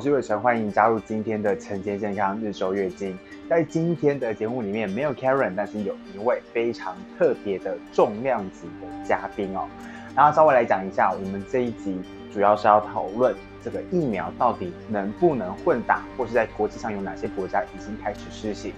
我是偉成，歡迎加入今天的晨間健康日週月經。在今天的節目裡面沒有 Karen，但是有一位非常特別的重量級的嘉賓哦。然後稍微來講一下，我們這一集主要是要討論這個疫苗到底能不能混打，或是在國際上有哪些國家已經開始試行。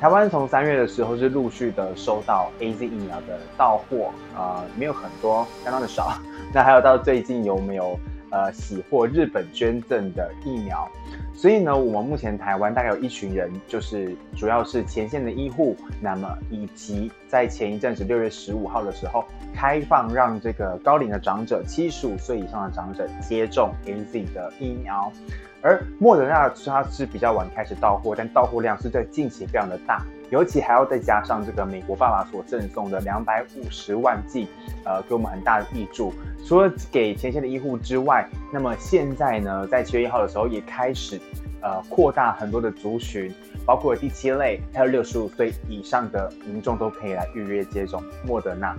台灣從三月的時候是陸續的收到 AZ 疫苗的到貨呃，沒有很多，相當的少。那還有到最近有沒有？呃，喜獲日本捐贈的疫苗，所以呢，我們目前台灣大概有一群人，就是主要是前線的醫護，那麼以及在前一陣子六月十五號的時候，開放讓這個高齡的長者，七十五歲以上的長者接種 AZ 的疫苗。而莫德納它，是比較晚開始到貨，但到貨量是在近期非常的大，尤其還要再加上這個美國爸爸所贈送的兩百五十萬劑，呃，給我們很大的挹注。除了給前線的醫護之外，那麼現在呢，在七月一號的時候也開始，呃，擴大很多的族群，包括第七類還有六十五歲以上的民眾都可以來預約接種莫德納。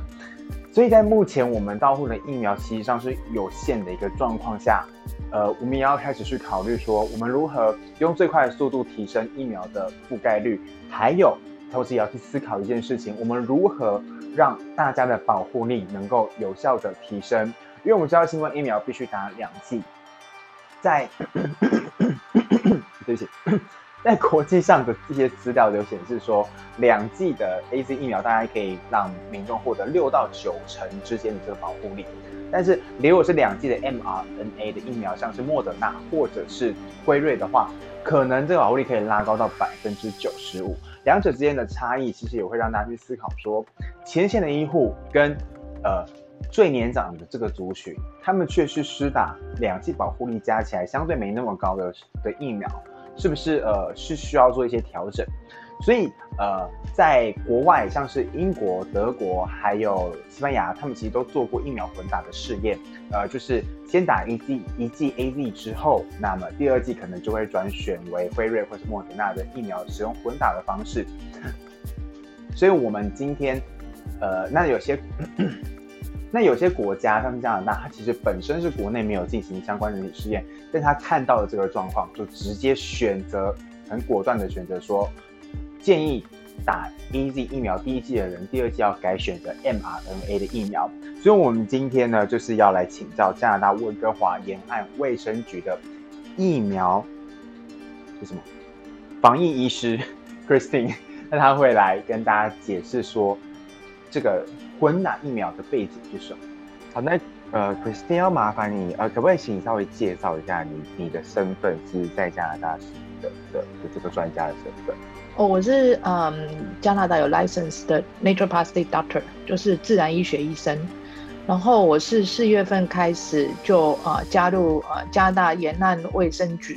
所以在目前我們到貨的疫苗實際上是有限的一個狀況下，呃，我們也要開始去考慮說，我們如何用最快的速度提升疫苗的覆蓋率，還有同時也要去思考一件事情，我們如何讓大家的保護力能夠有效的提升？因為我們知道新冠疫苗必須打兩劑。在， 對不起。 在國際上的這些資料就顯示說，兩劑的 AZ 疫苗大概可以讓民眾獲得六到九成之間的這個保護力，但是如果是兩劑的 m R N A 的疫苗，像是莫德納或者是輝瑞的話，可能這個保護力可以拉高到百分之九十五。兩者之間的差異其實也會讓大家去思考說，前線的醫護跟呃最年長的這個族群，他們卻是施打兩劑保護力加起來相對沒那麼高的的疫苗。是不是呃是需要做一些調整？所以呃，在國外像是英國、德國還有西班牙，他們其實都做過疫苗混打的試驗。呃，就是先打一劑一劑 AZ 之後，那麼第二劑可能就會轉選為輝瑞或是莫德納的疫苗，使用混打的方式。所以，我們今天呃，那有些。 那有些國家，像加拿大，它其實本身是國內沒有進行相關人體試驗，但它看到了這個狀況，就直接選擇很果斷的選擇說，建議打 AZ 疫苗第一劑的人，第二劑要改選擇 mRNA 的疫苗。所以，我們今天呢，就是要來請教加拿大溫哥華沿岸衛生局的疫苗，是什麼？防疫醫師 Christine，那他會來跟大家解釋說。這個混打疫苗的背景是什麼？好、呃，那呃，Christine 要麻煩你，呃，可不可以請你稍微介紹一下你你的身份，是在加拿大的的、就是、這個專家的身份？哦，我是嗯，um, 加拿大有 license 的 naturopathic doctor，就是自然醫學醫生。然後我是四月份開始就呃加入呃加拿大沿岸衛生局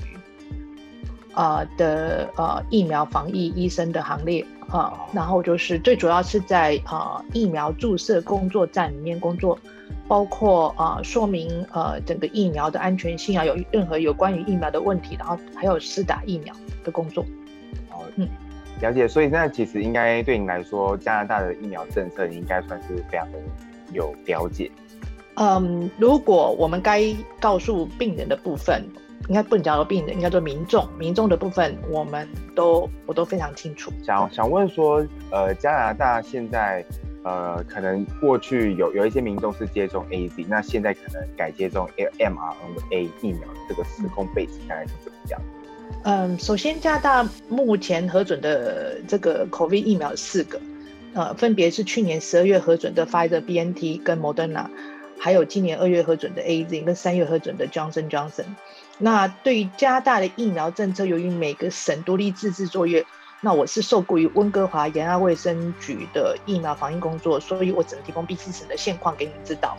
啊、呃、的呃疫苗防疫醫生的行列。啊、嗯，然後就是最主要是在啊、呃、疫苗注射工作站裡面工作，包括啊、呃、說明呃整個疫苗的安全性啊，有任何有關於疫苗的問題，然後還有施打疫苗的工作。哦，嗯，了解。所以那其實應該對你來說，加拿大的疫苗政策應該算是非常的有了解。嗯，如果我們該告訴病人的部分。應該不能叫做病人，應該做民眾。民眾的部分，我們都我都非常清楚。想想問說，呃，加拿大現在，呃，可能過去有有一些民眾是接種 A Z，那現在可能改接種 M R N A 疫苗，這個時空背景大概是怎樣？嗯，首先加拿大目前核准的這個 COVID 疫苗有四個，呃，分別是去年十二月核准的輝瑞 B N T 跟 Moderna，還有今年二月核准的 A Z 跟三月核准的 Johnson Johnson。那對於加拿大的疫苗政策，由於每個省獨立自治作業，那我是受雇於溫哥華沿岸衛生局的疫苗防疫工作，所以我只能提供 B C 省的現況給你知道。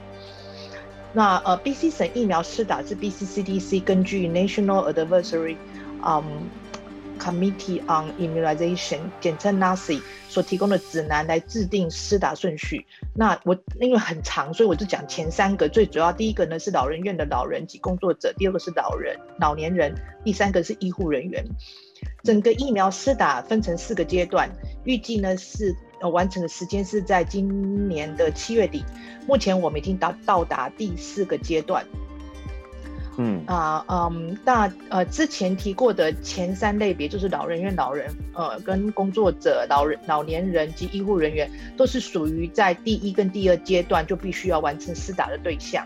那呃，B C 省疫苗打是打至 B C C D C，根據 National Advisory 嗯、um, Committee on Immunization，簡稱 NACI，所提供的指南來制定施打順序。那我因為很長，所以我就講前三個最主要。第一個呢是老人院的老人及工作者，第二個是老人、老年人，第三個是醫護人員。整個疫苗施打分成四個階段，預計呢是、呃、完成的時間是在今年的七月底。目前我們已經達到，到達第四個階段。嗯啊，嗯，大，呃，之前提過的前三類別就是老人院老人，呃，跟工作者老人、老年人及醫護人員都是屬於在第一跟第二階段就必須要完成施打的對象。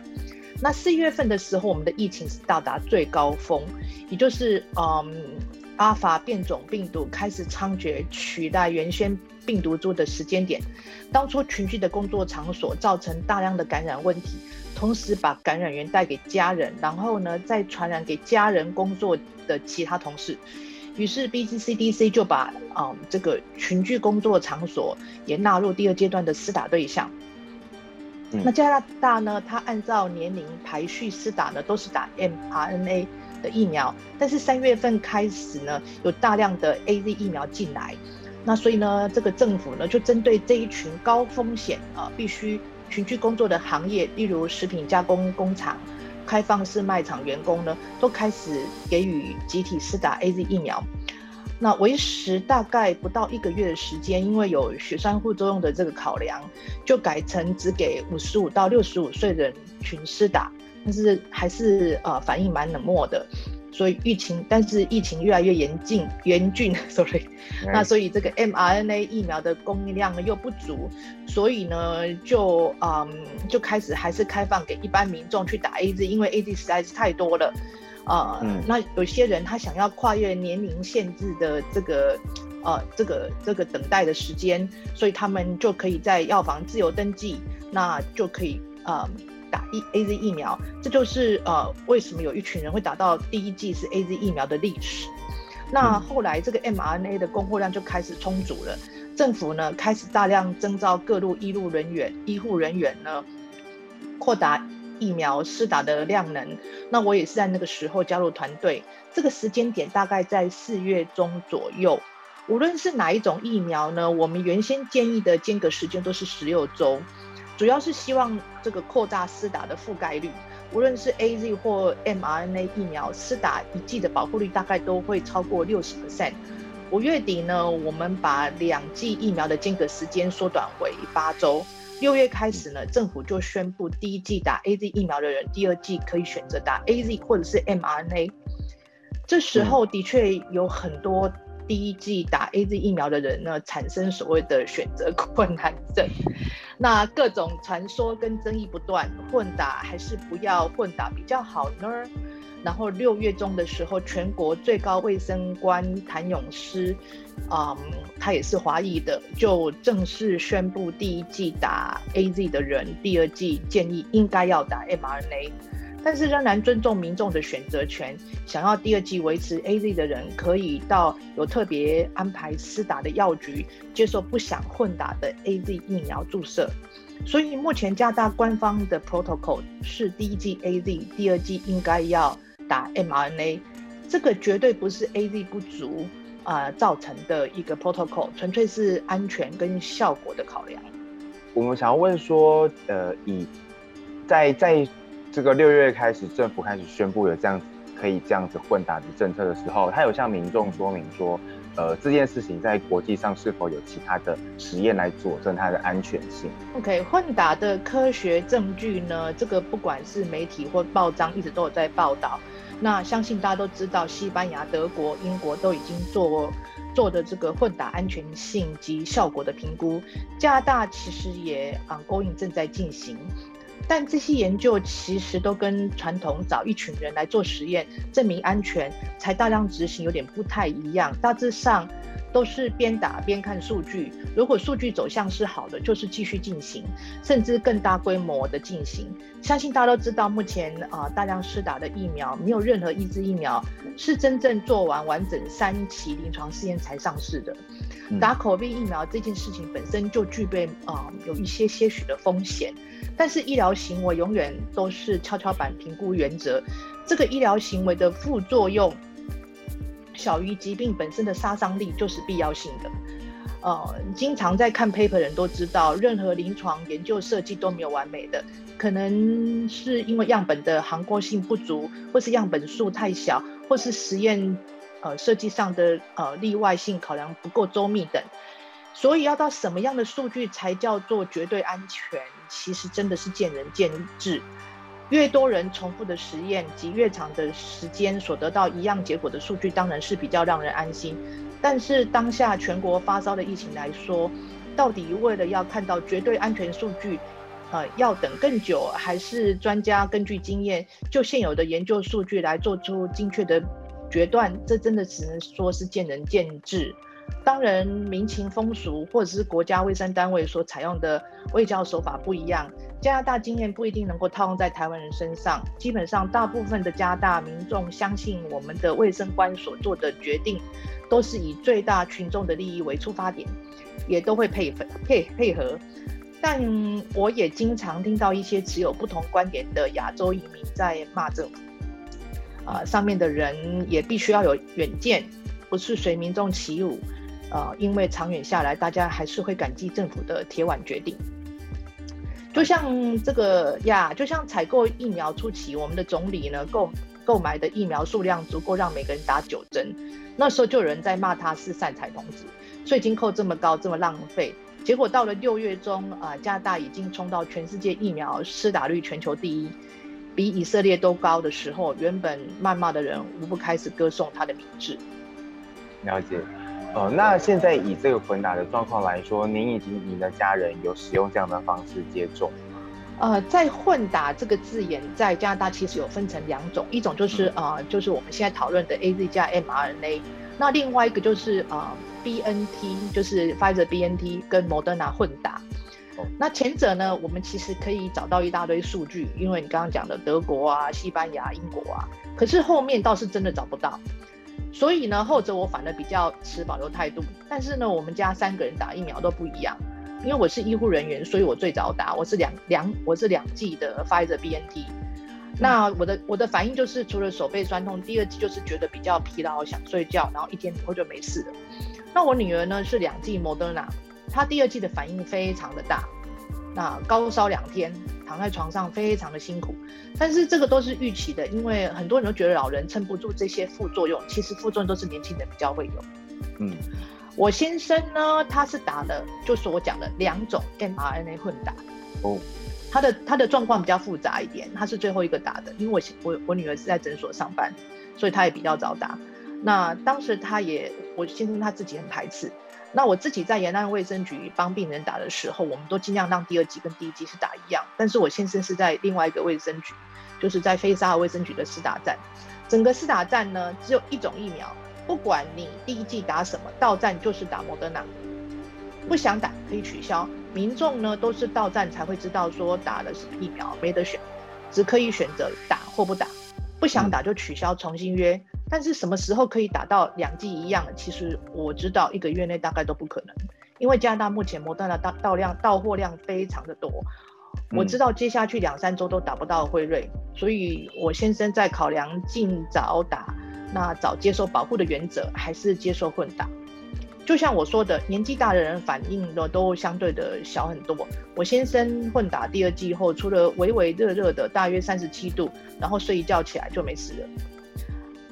那四月份的時候，我們的疫情是到達最高峰，也就是嗯阿法變種病毒開始猖獗取代原先病毒株的時間點。當初群聚的工作場所造成大量的感染問題。同時把感染源帶給家人，然後呢，再傳染給家人工作的其他同事，於是 B C C D C 就把啊、呃、這個群聚工作場所也納入第二階段的施打對象，嗯。那加拿大呢，它按照年齡排序施打呢都是打 m R N A 的疫苗，但是三月份開始呢有大量的 A Z 疫苗進來，那所以呢這個政府呢就針對這一群高風險啊、呃、必須群聚工作的行業，例如食品加工工廠、開放式賣場員工呢，都開始給予集體施打 AZ 疫苗。那維持大概不到一個月的時間，因為有血栓副作用的這個考量，就改成只給五十五到六十五歲人群施打，但是還是呃反應蠻冷漠的。所以疫情，但是疫情越來越嚴峻，嚴峻 ，sorry、right.。那所以這個 mRNA 疫苗的供應量呢又不足，所以呢就嗯、um, 就開始還是開放給一般民眾去打 AZ，因為 AZ 實在是太多了，啊、uh, mm.，那有些人他想要跨越年齡限制的這個呃、uh, 這個這個等待的時間，所以他們就可以在藥房自由登記，那就可以啊。Um, AZ 疫苗，這就是呃為什麼有一群人會打到第一劑是 AZ 疫苗的歷史。那後來這個 mRNA 的供貨量就開始充足了，政府呢開始大量徵召各路醫務人員，醫護人員呢擴大疫苗施打的量能。那我也是在那個時候加入團隊，這個時間點大概在四月中左右。無論是哪一種疫苗呢，我們原先建議的間隔時間都是十六週。主要是希望這個擴大施打的覆蓋率，無論是 AZ 或 mRNA 疫苗，施打一劑的保護率大概都會超過60%。五月底呢，我們把兩劑疫苗的間隔時間縮短為八周。六月開始呢，政府就宣布第一劑打 AZ 疫苗的人，第二劑可以選擇打 AZ 或者是 mRNA。這時候的確有很多第一劑打 AZ 疫苗的人呢，產生所謂的選擇困難症。那各種傳說跟爭議不斷，混打還是不要混打比較好呢？然後六月中的時候，全國最高衛生官譚詠詩，嗯，他也是華裔的，就正式宣布，第一劑打 AZ 的人，第二劑建議應該要打 mRNA。但是仍然尊重民眾的選擇權，想要第二劑維持 A Z 的人，可以到有特別安排施打的藥局接受不想混打的 A Z 疫苗注射。所以目前加大官方的 protocol 是第一劑 A Z，第二劑應該要打 M R N A。這個絕對不是 A Z 不足啊、呃、造成的一個 protocol，純粹是安全跟效果的考量。我們想要問說，呃，以在在。在這個六月開始，政府開始宣布有這樣子可以這樣子混打的政策的時候，他有向民眾說明說，呃，這件事情在國際上是否有其他的實驗來佐證它的安全性？OK，混打的科學證據呢？這個不管是媒體或報章一直都有在報道。那相信大家都知道，西班牙、德國、英國都已經做做的這個混打安全性及效果的評估，加拿大其實也啊，ongoing 正在進行。但這些研究其實都跟傳統找一群人來做實驗，證明安全，才大量執行，有點不太一樣，大致上。都是邊打邊看數據，如果數據走向是好的，就是繼續進行，甚至更大規模的進行。相信大家都知道，目前啊、呃、大量施打的疫苗，沒有任何一支疫苗是真正做完完整三期臨床試驗才上市的。打 COVID 疫苗這件事情本身就具備啊、呃、有一些些許的風險，但是醫療行為永遠都是蹺蹺板評估原則，這個醫療行為的副作用。小於疾病本身的殺傷力，就是必要性的。呃，經常在看 paper 的人都知道，任何臨床研究設計都沒有完美的，可能是因為樣本的涵蓋性不足，或是樣本數太小，或是實驗呃設計上的呃例外性考量不夠周密等。所以，要到什麼樣的數據才叫做絕對安全，其實真的是見仁見智。越多人重複的實驗及越長的時間所得到一樣結果的數據，當然是比較讓人安心。但是當下全國發燒的疫情來說，到底為了要看到絕對安全數據，呃，要等更久，還是專家根據經驗就現有的研究數據來做出精確的決斷？這真的只能說是見仁見智。當然，民情風俗或者是國家衛生單位所採用的衛教手法不一樣，加拿大經驗不一定能夠套用在台灣人身上。基本上，大部分的加拿大民眾相信我們的衛生官所做的決定，都是以最大群眾的利益為出發點，也都會配合配配合。但我也經常聽到一些持有不同觀點的亞洲移民在罵政府，啊、呃，上面的人也必須要有遠見。不是隨民眾起舞，呃，因為長遠下來，大家還是會感激政府的鐵腕決定。就像這個呀，就像採購疫苗初期，我們的總理呢購購買的疫苗數量足夠讓每個人打九針，那時候就有人在罵他是散財童子，稅金扣這麼高，這麼浪費。結果到了六月中啊、呃，加拿大已經衝到全世界疫苗施打率全球第一，比以色列都高的時候，原本謾罵的人無不開始歌頌他的品質。了解，哦、呃，那現在以這個混打的狀況來說，您以及您的家人有使用這樣的方式接種嗎？呃，在混打這個字眼，在加拿大其實有分成兩種，一種就是、嗯、呃，就是我們現在討論的 A Z 加 mRNA，那另外一個就是呃 B N T，就是 Pfizer B N T 跟 Moderna 混打、哦。那前者呢，我們其實可以找到一大堆數據，因為你剛剛講的德國啊、西班牙、英國啊，可是後面倒是真的找不到。所以呢，後者我反而比較持保留態度。但是呢，我們家三個人打疫苗都不一樣，因為我是醫護人員，所以我最早打，我是兩兩我是兩劑的 Pfizer B N T、嗯。那我的我的反應就是，除了手背痠痛，第二劑就是覺得比較疲勞，想睡覺，然後一天之後就沒事了。那我女兒呢是兩劑 Moderna，她第二劑的反應非常的大，那高燒兩天。躺在床上非常的辛苦，但是這個都是預期的，因為很多人都覺得老人撐不住這些副作用，其實副作用都是年輕人比較會有。嗯，我先生呢，他是打了，就是我講的兩種 mRNA 混打。哦，他的他的狀況比較複雜一點，他是最後一個打的，因為我我我女兒是在診所上班，所以他也比較早打。那當時他也，我先生他自己很排斥。那我自己在延安衛生局幫病人打的時候，我們都儘量讓第二劑跟第一劑是打一樣。但是我先生是在另外一個衛生局，就是在飛沙爾衛生局的施打站。整個施打站呢，只有一種疫苗，不管你第一劑打什麼，到站就是打莫德納。不想打可以取消。民眾呢，都是到站才會知道說打了什麼疫苗，沒得選，只可以選擇打或不打。不想打就取消，重新約。嗯但是什麼時候可以打到兩劑一樣？其實我知道一個月內大概都不可能，因為加拿大目前莫德納的到到量到貨量非常的多。我知道接下去兩三周都打不到輝瑞、嗯，所以我先生在考量盡早打，那早接受保護的原則還是接受混打。就像我說的，年紀大的人反應都都相對的小很多。我先生混打第二劑後，除了微微熱熱的，大約三十七度，然後睡一覺起來就沒事了。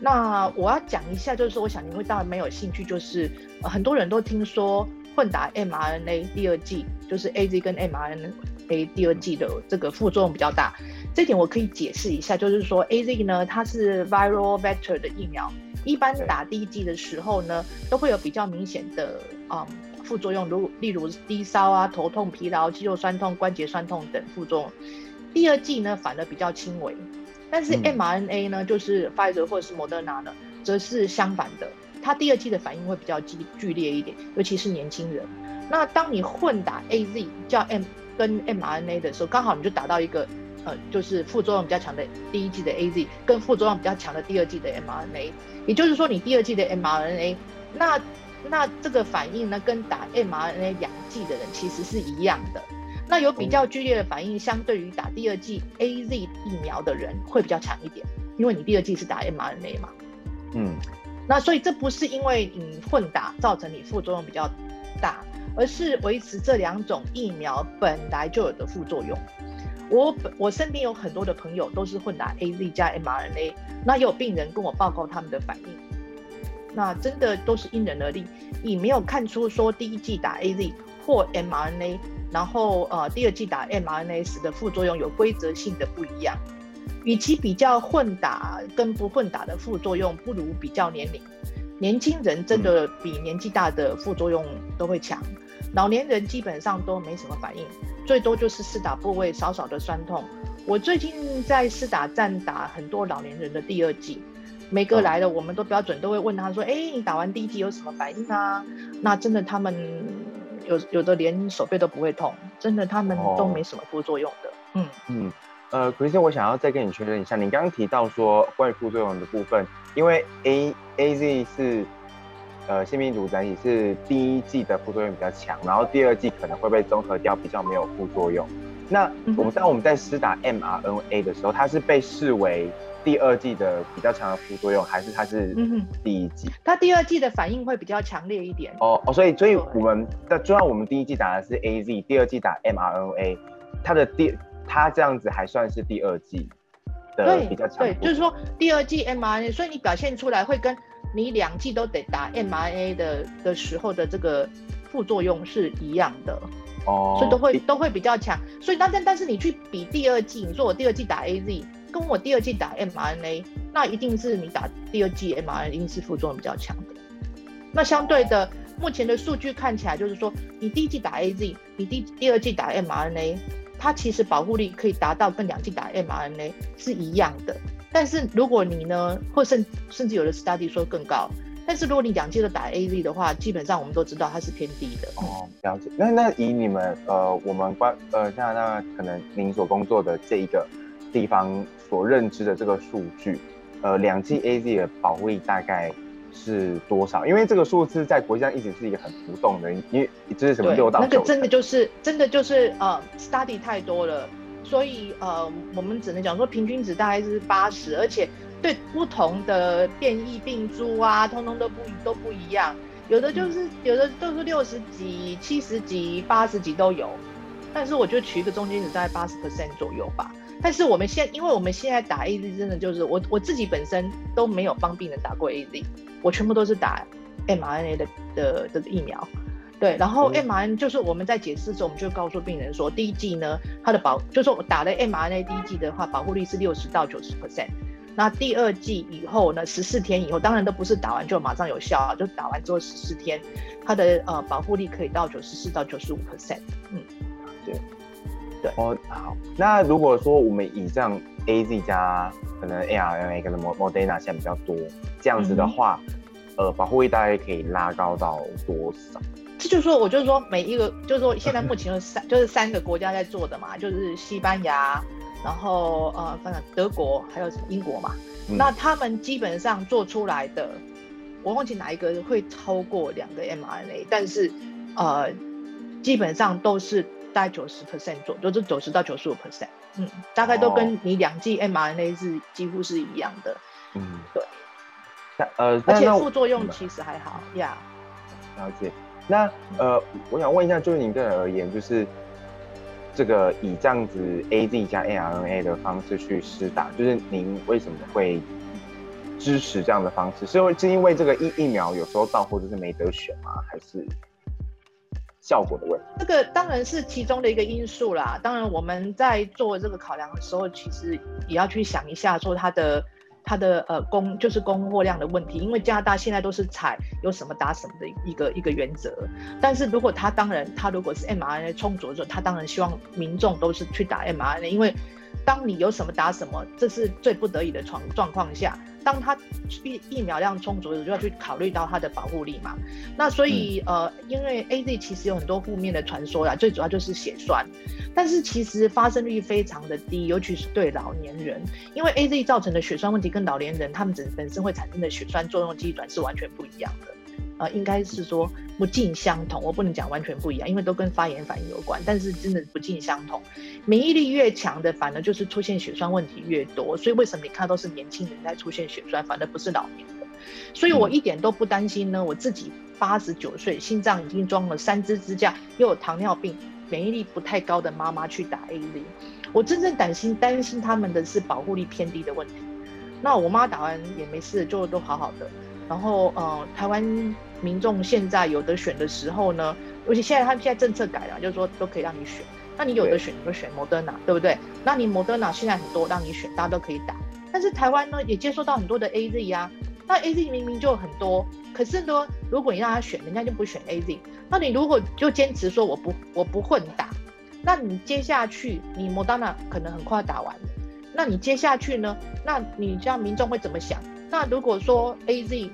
那我要講一下，就是說，我想你會當然沒有興趣，就是、呃、很多人都聽說混打 mRNA 第二劑，就是 A Z 跟 mRNA 第二劑的這個副作用比較大。這點我可以解釋一下，就是說 A Z 呢，它是 viral vector 的疫苗，一般打第一劑的時候呢，都會有比較明顯的啊、嗯、副作用，如例如低燒啊、頭痛、疲勞、肌肉痠痛、關節痠痛等副作用。第二劑呢，反而比較輕微。但是 mRNA 呢、嗯，就是 Pfizer 或者是 Moderna 呢，則是相反的，它第二劑的反應會比較激劇烈一點，尤其是年輕人。那當你混打 AZ 叫 m 跟 mRNA 的時候，剛好你就打到一個，呃，就是副作用比較強的第一劑的 AZ，跟副作用比較強的第二劑的 mRNA。也就是說，你第二劑的 mRNA，那那這個反應呢，跟打 mRNA 兩劑的人其實是一樣的。那有比較劇烈的反應，相對於打第二劑 AZ 疫苗的人會比較強一點，因為你第二劑是打 mRNA 嘛。嗯，那所以這不是因為你混打造成你副作用比較大，而是維持這兩種疫苗本來就有的副作用。我我身邊有很多的朋友都是混打 AZ 加 mRNA，那也有病人跟我報告他們的反應，那真的都是因人而異。你沒有看出說第一劑打 AZ 或 mRNA。然後，呃，第二劑打 mRNA 的副作用有規則性的不一樣。與其比較混打跟不混打的副作用，不如比較年齡。年輕人真的比年紀大的副作用都會強，嗯、老年人基本上都沒什麼反應，最多就是施打部位少少的酸痛。我最近在施打站打很多老年人的第二劑，每個來了，我們都標準都會問他說：“哎、嗯，你打完第一劑有什麼反應啊？”那真的他們。有有的，連手背都不會痛，真的，他們都沒什麼副作用的。哦、嗯嗯，呃，可是我想要再跟你確認一下，你剛剛提到說關於副作用的部分，因為 A A Z 是呃腺病毒載體，是第一劑的副作用比較強，然後第二劑可能會被綜合掉，比較沒有副作用。那我們當我們在施打 M R N A 的時候，它是被視為。第二劑的比較強的副作用，還是它是第一劑？它、嗯、第二劑的反應會比較強烈一點。哦哦，所以所以我們的主要，我們第一劑打的是 AZ，第二劑打 mRNA，它的第它這樣子還算是第二劑的比較強。對對，就是說第二劑 mRNA，所以你表現出來會跟你兩劑都得打 mRNA 的、嗯、的時候的這個副作用是一樣的。哦，所以都會都會比較強。所以但但但是你去比第二劑，你說我第二劑打 AZ。跟我第二劑打 mRNA，那一定是你打第二劑 mRNA，因是副作用比較強的。那相對的，目前的數據看起來就是說，你第一劑打 AZ，你第第二劑打 mRNA，它其實保護力可以達到跟兩劑打 mRNA 是一樣的。但是如果你呢，或甚甚至有的 study 說更高，但是如果你兩劑都打 AZ 的話，基本上我們都知道它是偏低的。哦，了解。那那以你們呃，我們關呃，像那可能您所工作的這一個地方，所認知的這個數據，呃，兩劑 AZ 的保護力大概是多少？嗯，因為這個數字在國際上一直是一個很浮動的，因為這是什麼六到？對，那個真的就是真的就是呃，study 太多了，所以呃，我們只能講說平均值大概是八十，而且對不同的變異病株啊，通通都不都不一樣，有的就是有的都是六十幾、七十幾、八十幾都有，但是我就取一個中間值，大概八十 percent 左右吧。但是我們現在，因為我們現在打 AZ 真的就是我我自己本身都沒有幫病人打過 AZ，我全部都是打 mRNA 的的的疫苗，對，然後 mRNA 就是我們在解釋的時候，我們就告訴病人說，第一劑呢它的保，就是我打了 mRNA 第一劑的話，保護率是六十到九十 percent，那第二劑以後呢，十四天以後，當然都不是打完就馬上有效啊，就打完之後十四天，它的呃保護力可以到九十四到九十五 percent，嗯，對。哦，好。那如果說我們以上 A Z 加可能 A R N A 跟 Moderna 現在比較多，這樣子的話，嗯、呃，保護力大概可以拉高到多少？這就是說，我就是說，每一個就是說，現在目前有三， 就是三個國家在做的嘛，就是西班牙，然後呃，反正德國還有英國嘛、嗯。那他們基本上做出來的，我忘記哪一個會超過兩個 M R N A，但是呃，基本上都是。大概九十 percent 左右，就是九十到九十五 percent，嗯，大概都跟你兩劑 mRNA 是幾乎是一樣的，嗯、哦，對。嗯、那呃，而且副作用其實還好呀、嗯 yeah 嗯，了解。那、嗯、呃，我想問一下，就是您個人而言，就是這個以這樣子 A Z 加 A R N A 的方式去施打，就是您為什麼會支持這樣的方式？是因為因為這個疫疫苗有時候到貨就是沒得選嗎？還是？效果的問題，這個當然是其中的一個因素啦。當然，我們在做這個考量的時候，其實也要去想一下，說它的它的呃供就是供貨量的問題。因為加拿大現在都是採有什麼打什麼的一個一個原則。但是如果它當然它如果是 mRNA 充足的時候，它當然希望民眾都是去打 mRNA，因為。當你有什麼打什麼，這是最不得已的狀狀況下。當他疫疫苗量充足的時候，就要去考慮到它的保護力嘛。那所以、嗯、呃，因為 AZ 其實有很多負面的傳說啦，最主要就是血栓。但是其實發生率非常的低，尤其是對老年人，因為 AZ 造成的血栓問題跟老年人他們本本身會產生的血栓作用機制是完全不一樣的。呃，應該是說不盡相同，我不能講完全不一樣，因為都跟發炎反應有關。但是真的不盡相同，免疫力越強的，反而就是出現血栓問題越多。所以為什麼你看都是年輕人在出現血栓，反而不是老年的？所以我一點都不擔心呢。我自己八十九歲，心臟已經裝了三支支架，又有糖尿病，免疫力不太高的媽媽去打 AZ。我真正擔心擔心他們的是保護力偏低的問題。那我媽打完也沒事，就都好好的。然後呃，台灣。民眾現在有的選的時候呢，尤其現在他們現在政策改了，就是說都可以讓你選。那你有的選，你就選莫德納，對不對？那你莫德納，現在很多讓你選，大家都可以打。但是台灣呢，也接受到很多的 AZ 啊。那 AZ 明明就很多，可是呢，如果你讓他選，人家就不選 AZ。那你如果就堅持說我不我不混打，那你接下去你莫德納可能很快打完了。那你接下去呢？那你這樣民眾會怎麼想？那如果說 AZ。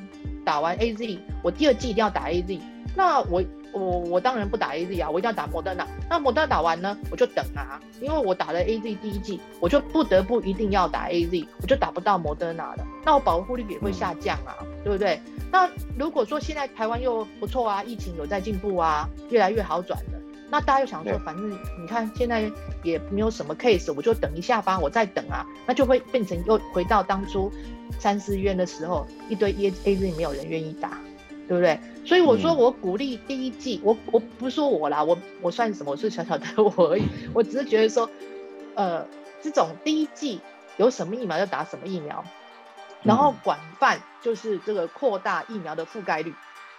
打完 A Z，我第二季一定要打 A Z，那我我我當然不打 A Z 啊，我一定要打 Moderna。那 Moderna 打完呢，我就等啊，因為我打了 A Z 第一季，我就不得不一定要打 A Z，我就打不到 Moderna 了，那我保護力也會下降啊、嗯，對不對？那如果說現在台灣又不錯啊，疫情有在進步啊，越來越好轉了。那大家又想說，反正你看現在也沒有什麼 case，我就等一下吧，我再等啊，那就會變成又回到當初三四月的時候，一堆 AZ 沒有人願意打，對不對？所以我說我鼓勵第一劑，我我不是說我啦，我我算什麼？我是小小的我而已，我只是覺得說，呃，這種第一劑有什麼疫苗就打什麼疫苗，然後廣泛就是這個擴大疫苗的覆蓋率，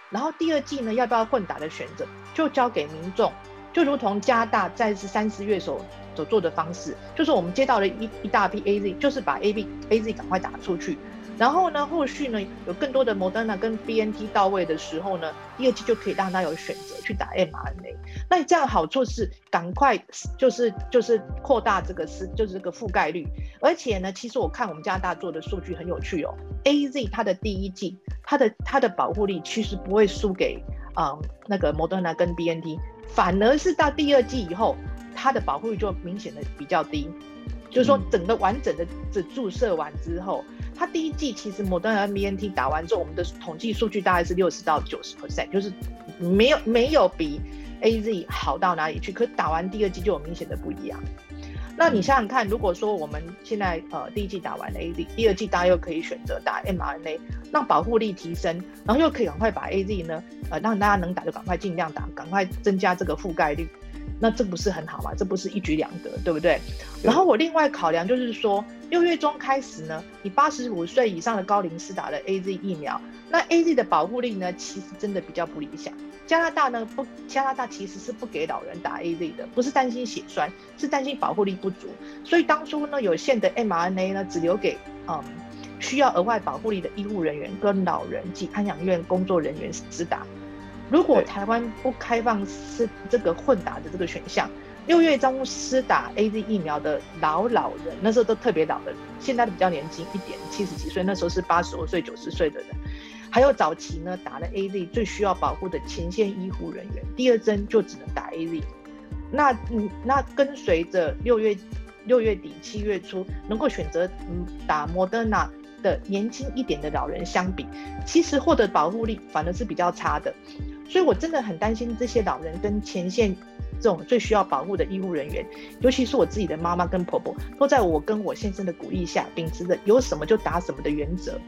然後第二劑呢要不要混打的選擇，就交給民眾。就如同加拿大在是三四月所所做的方式，就是我們接到了一一大批 A Z，就是把 A B A Z 趕快打出去，然後呢，後續呢有更多的 Moderna 跟 B N T 到位的時候呢，第二劑就可以讓他有選擇去打 M R N A。那這樣好處是趕快就是就是擴大這個是就是這個覆蓋率，而且呢，其實我看我們加拿大做的數據很有趣哦，A Z 它的第一劑，它的它的保護力其實不會輸給、呃、那個 Moderna 跟 B N T。反而是到第二劑以後，它的保護率就明顯的比較低，就是說整個完整的這注射完之後，它第一劑其實 Moderna BNT 打完之後，我們的統計數據大概是六十到九十 percent，就是沒有沒有比 AZ 好到哪裡去。可是打完第二劑就有明顯的不一樣。那你想想看，如果說我們現在呃第一劑打完了 AZ，第二劑大家又可以選擇打 mRNA，讓保護力提升，然後又可以趕快把 AZ 呢，呃讓大家能打就趕快盡量打，趕快增加這個覆蓋率，那這不是很好嗎？這不是一舉兩得，對不對？然後我另外考量就是說，六月中開始呢，你八十五歲以上的高齡是打了 AZ 疫苗，那 AZ 的保護力呢，其實真的比較不理想。加拿大呢，不，加拿大其實是不給老人打 AZ 的，不是擔心血栓，是擔心保護力不足。所以當初呢，有限的 mRNA 呢，只留給嗯，需要額外保護力的醫護人員跟老人及安養院工作人員施打。如果台灣不開放是這個混打的這個選項，六月中施打 A Z 疫苗的老老人，那時候都特別老的人，現在比較年輕一點，七十幾歲，那時候是八十五歲、九十歲的人。還有早期呢，打了 A Z 最需要保護的前線醫護人員，第二針就只能打 A Z。那嗯，那跟隨着六月六月底、七月初能夠選擇嗯打莫德納的年輕一點的老人相比，其實獲得保護力反而是比較差的。所以我真的很擔心這些老人跟前線。這種最需要保護的醫護人員，尤其是我自己的媽媽跟婆婆，都在我跟我先生的鼓勵下，秉持着有什麼就打什麼的原則。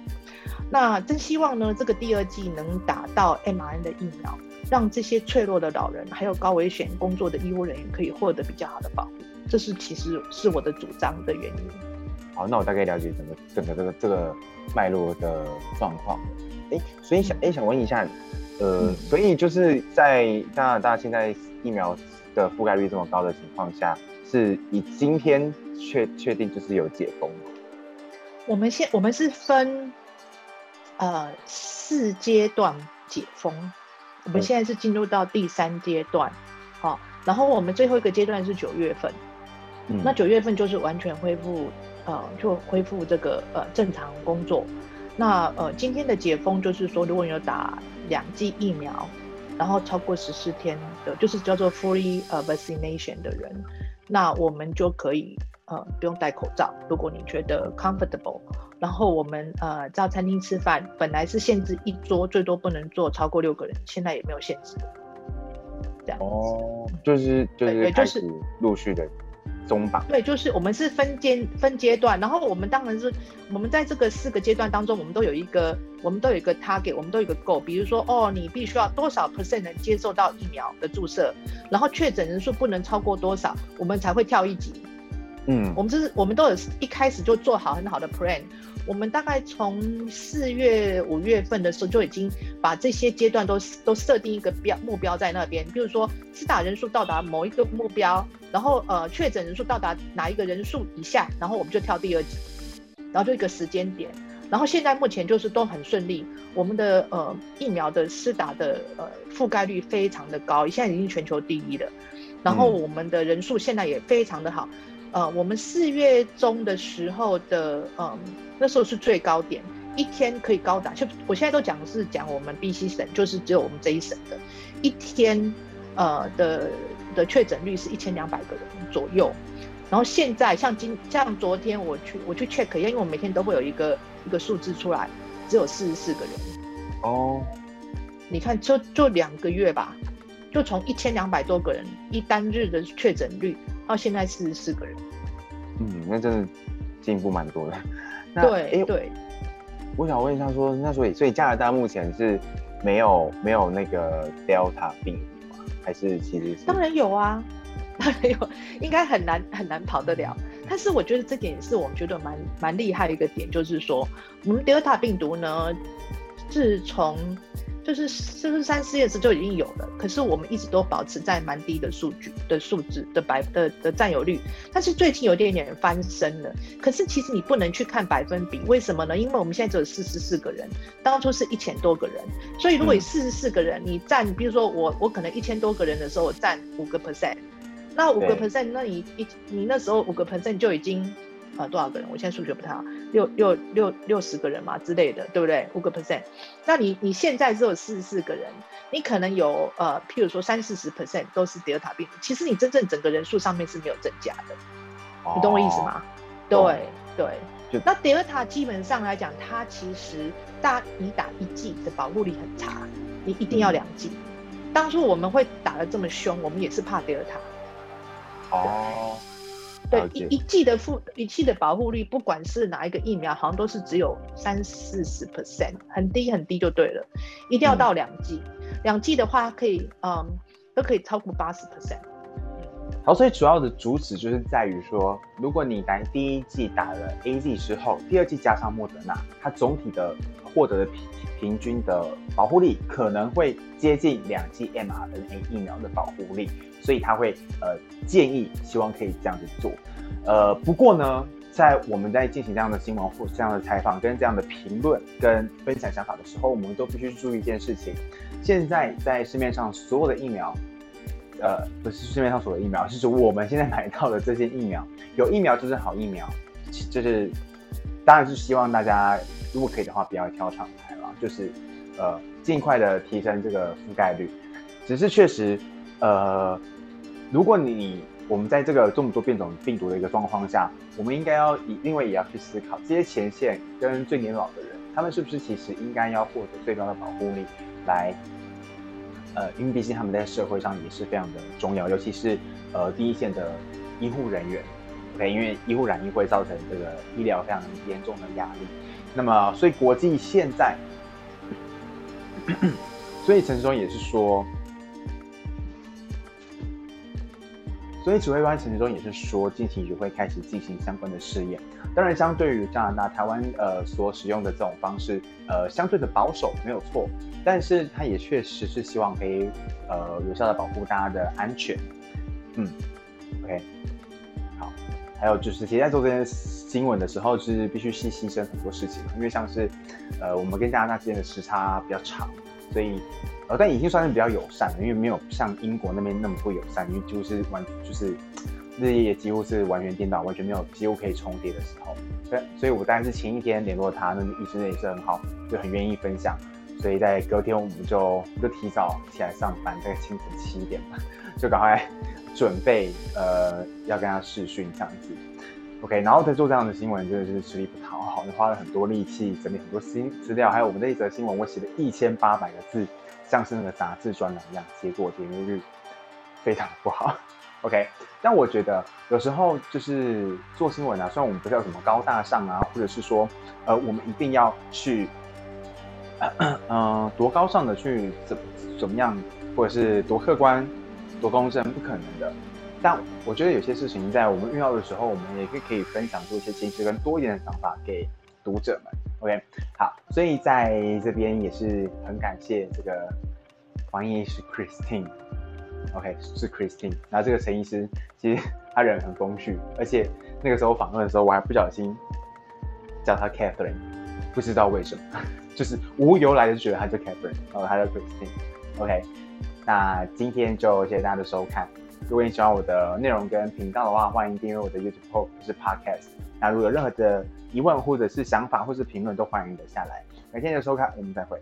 那真希望呢，這個第二劑能打到 mRNA 的疫苗，讓這些脆弱的老人還有高危險工作的醫護人員可以獲得比較好的保護。這是其實是我的主張的原因。好，那我大概了解整個整個這個這個脈絡的狀況，欸。所以想哎、欸、想問一下，呃，嗯、所以就是在加拿大現在疫苗。的覆蓋率這麼高的情況下，是以今天確確定就是有解封。我們現我們是分，呃四階段解封，我們現在是進入到第三階段，好、嗯，然後我們最後一個階段是九月份，嗯、那九月份就是完全恢復，呃，就恢復這個呃正常工作。那呃今天的解封就是說，如果你有打兩劑疫苗，然後超過十四天的，就是叫做 fully 呃 vaccination 的人，那我們就可以呃不用戴口罩。如果你覺得 comfortable，然後我們呃在餐廳吃飯，本來是限制一桌最多不能坐超過六個人，現在也沒有限制。這樣子哦，就是就是對開始陸續的。中吧，對，就是我們是分間分階段，然後我們當然是我們在這個四個階段當中，我們都有一個我們都有一個 target，我們都有一個 goal，比如說哦，你必須要多少 percent 能接受到疫苗的注射，然後確診人數不能超過多少，我們才會跳一級。嗯，我們、就是我們都有一開始就做好很好的 plan。我們大概從四月五月份的時候就已經把這些階段都都設定一個標目標在那邊，比如說施打人數到達某一個目標，然後呃確診人數到達哪一個人數以下，然後我們就跳第二級，然後就一個時間點。然後現在目前就是都很順利，我們的呃疫苗的施打的呃覆蓋率非常的高，現在已經全球第一了。然後我們的人數現在也非常的好。嗯呃，我們四月中的時候的，嗯、呃，那時候是最高點，一天可以高達，就我現在都講的是講我們 BC 省，就是只有我們這一省的，一天，呃的的確診率是一千兩百個人左右，然後現在像今像昨天我去我去 check 一下，因為我每天都會有一個一個數字出來，只有四十四個人，哦、oh.，你看，就就兩個月吧，就從一千兩百多個人一單日的確診率。到現在四十四個人，嗯，那真的進步蠻多的。對、欸，對，我想問一下說，說那所以所以加拿大目前是沒有沒有那個 Delta 病毒，還是其實是？當然有啊，當然有，應該很難很難跑得了。但是我覺得這點也是我們覺得蠻蠻厲害的一個點，就是說我們 Delta 病毒呢，自從就是四十三、四十時就已經有了，可是我們一直都保持在蠻低的數據的數字的百的的佔有率，但是最近有點有點翻身了。可是其實你不能去看百分比，為什麼呢？因為我們現在只有四十四個人，當初是一千多個人，所以如果四十四個人你占，嗯、比如說我我可能一千多個人的時候我占五個 percent，那五個 percent，那你一你那時候五個 percent 就已經。呃，多少個人？我現在數學不太好，六六六六十個人嘛之類的，對不對？五個 percent。那你你現在只有四十四個人，你可能有呃，譬如說三四十 percent 都是德爾塔病毒。其實你真正整個人數上面是沒有增加的，oh. 你懂我意思嗎？對、oh. 對。對那德爾塔基本上來講，它其實大你打一劑的保護力很差，你一定要兩劑。Oh. 當初我們會打得這麼凶，我們也是怕德爾塔。哦。Oh. 對一一劑的負，一劑的保護率，不管是哪一個疫苗，好像都是只有三四十 percent，很低很低就對了。一定要到兩劑，嗯、兩劑的話可以，嗯，都可以超過八十 percent。然後，最主要的主旨就是在於說，如果你來第一劑打了 AZ 之後，第二劑加上莫德納，它總體的獲得的平平均的保護力可能會接近兩劑 mRNA 疫苗的保護力，所以他會呃建議，希望可以這樣子做。呃，不過呢，在我們在進行這樣的新聞、或這樣的採訪、跟這樣的評論、跟分享想法的時候，我們都必須注意一件事情：現在在市面上所有的疫苗。呃，不是市面上所有的疫苗，是指我們現在買到的這些疫苗。有疫苗就是好疫苗，就是當然是希望大家如果可以的話，不要挑廠牌了，就是呃盡快的提升這個覆蓋率。只是確實，呃，如果你我們在這個這麼多變種病毒的一個狀況下，我們應該要以另外也要去思考，這些前線跟最年老的人，他們是不是其實應該要獲得最高的保護力來。呃，因為畢竟他們在社會上也是非常的重要，尤其是呃第一線的醫護人員，OK，因為醫護染疫會造成這個醫療非常嚴重的壓力。那麼，所以國際現在，咳咳所以陳時中也是說。所以指揮官陳時中也是說，近期也會開始進行相關的試驗。當然，相對於加拿大、台灣，呃，所使用的這種方式，呃，相對的保守沒有錯。但是，他也確實是希望可以，呃，有效的保護大家的安全。嗯，OK，好。還有就是，其實在做這些新聞的時候，是必須是犧牲很多事情，因為像是，呃，我們跟加拿大之間的時差比較長，所以。但已經算是比較友善了，因為沒有像英國那邊那麼不友善，因為就是完就是日夜幾乎是完全顛倒，完全沒有幾乎可以重疊的時候。對，所以我當然是前一天聯絡他，那醫生也是很好，就很願意分享。所以在隔天我們就我們就提早起來上班，大概清晨七點嘛，就趕快準備呃要跟他視訊這樣子。OK，然後再做這樣的新聞，真、就、的是吃力不討好，花了很多力氣整理很多新資料，還有我們這一則新聞我寫了一千八百個字。像是那個雜誌專欄一樣，結果點閱率非常不好。OK，但我覺得有時候就是做新聞啊，雖然我們不知道怎麼高大上啊，或者是說，呃，我們一定要去，嗯、呃，多高尚的去怎怎麼樣，或者是多客觀、多公正，不可能的。但我覺得有些事情在我們遇到的時候，我們也是可以分享出一些心思跟多一點的想法給讀者們。OK，好，所以在這邊也是很感謝這個翻譯是 Christine，OK、okay, 是 Christine，然後這個陳醫師其實他人很風趣，而且那個時候訪問的時候我還不小心叫他 Catherine，不知道為什麼，就是無由來的覺得他叫 Catherine 哦，他叫 Christine，OK，、okay, 那今天就謝謝大家的收看。如果你喜歡我的內容跟頻道的話，歡迎訂閱我的 YouTube 或是 Podcast。那如果有任何的疑問或者是想法或是評論，都歡迎留下來。感謝你的收看，我們再會。